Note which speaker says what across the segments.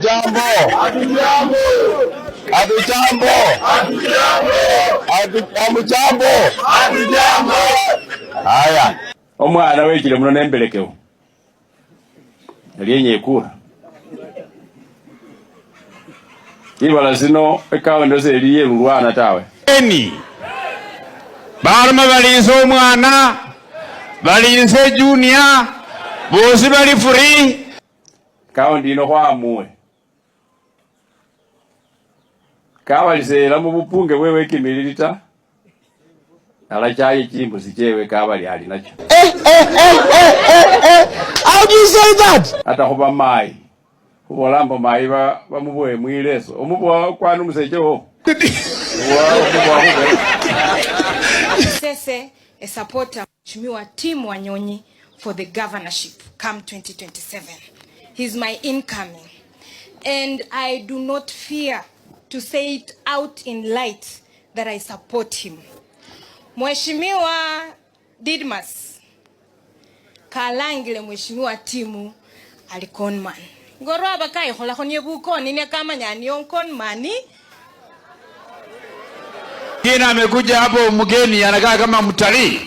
Speaker 1: Jambo, hatujambo, hamujambo. Haya, omwana wejile muno nembelekewo nalyenye kura ibala zino ekawe ndoseli yelulwana tawe eni baloma balinze omwana balinze junior bosi bali free kaundi ino khwamuwe kavalisela muvupunge wewe kimililita alachaye chimbuzi chewe kavali ali nacho
Speaker 2: eh, eh, eh, eh, eh, eh. How do you say that?
Speaker 1: Hata mai khuva mayi khuvolambo mayi vamuvoye mwileso omuvoa kwana omusechewo
Speaker 3: Sese a supporter Mheshimiwa Tim Wanyonyi for the governorship come 2027. He's my incoming and I do not fear to say it out in light that I support him. Mheshimiwa Didmas Kalangile, Mheshimiwa Timu alikonman conman bakai khola khonye bukoni ne kama nyani onkonmani
Speaker 1: Kina amekuja hapo, mgeni anakaa kama mtalii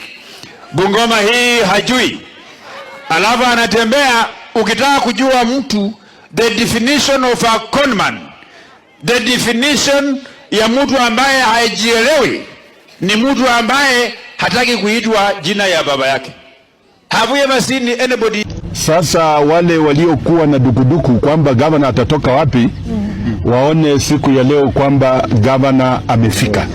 Speaker 1: Bungoma hii hajui, alafu anatembea. Ukitaka kujua mtu the definition of a conman The definition ya mtu ambaye haijielewi ni mtu ambaye hataki kuitwa jina ya baba yake. Have you ever seen anybody?
Speaker 4: Sasa wale waliokuwa na dukuduku kwamba gavana atatoka wapi, mm. waone siku ya leo kwamba gavana amefika.